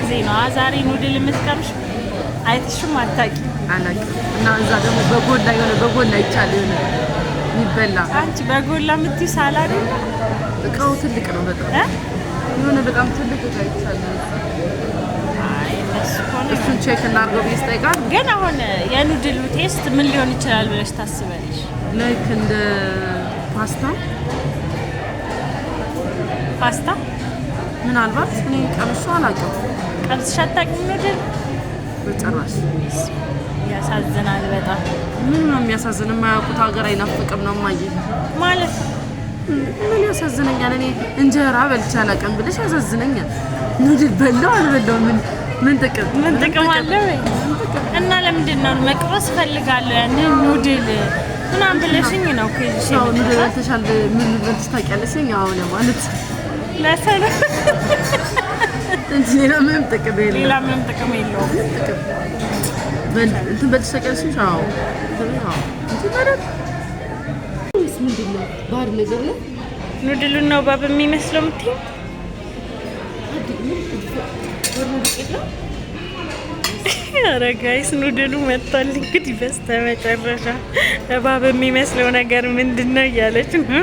ጊዜ ነው። ዛሬ ኑድል የምትቀምሽ አይተሽም አታውቂም። አላውቅም። እና እዛ ደግሞ በጎላ የሆነ በጎላ ይቻል የሆነ የሚበላ አንቺ በጎላ የምትይው ሳላድ እቃው ትልቅ ነው በጣም የሆነ በጣም ትልቅ እቃ ይቻል እሱን ቼክ እናድርገው ብዬሽ ስጠይቃት ግን አሁን የኑድሉ ቴስት ምን ሊሆን ይችላል ብለሽ ታስበልሽ? ላይክ እንደ ፓስታ ፓስታ ምናልባት እኔ ቀምሼው አላውቅም። ቀምስሽ አታውቂም? በጭራሽ ያሳዝናል። በጣም ምን ነው የሚያሳዝን? የማያውቁት ሀገር አይናፍቅም ነው ማየ ማለት ምን ያሳዝነኛል? እኔ እንጀራ በልቼ አላውቅም ብለሽ ያሳዝነኛል። ኑድል በለው አልበለው ምን ምን ጥቅም ምን ጥቅም አለው? እና ለምንድን ነው መቅመስ እፈልጋለሁ ያን ኑድል ምናምን ብለሽኝ ነው እኮ ኑድል አልተሻል ምን ልትታውቂያለሽኝ? አዎ ለማለት ለሰለ እንጂ ሌላ ምንም ጥቅም የለውም። ሌላ አዎ፣ ነው ባህር ነገር ነው። ኑድሉን ነው እባብ የሚመስለው የምትይው ኧረ ጋይስ ኑድሉ መጥቷል። እንግዲህ በስተመጨረሻ እባብ የሚመስለው ነገር ምንድን ነው እያለች ነው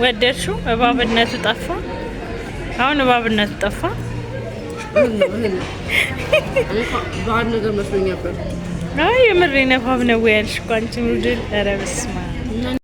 ወደድሽው? እባብነቱ ጠፋ። አሁን እባብነቱ ጠፋ። አይ የምሬን እባብ ነው ያልሽ እኮ አንቺ ሙድል። ኧረ በስመ አብ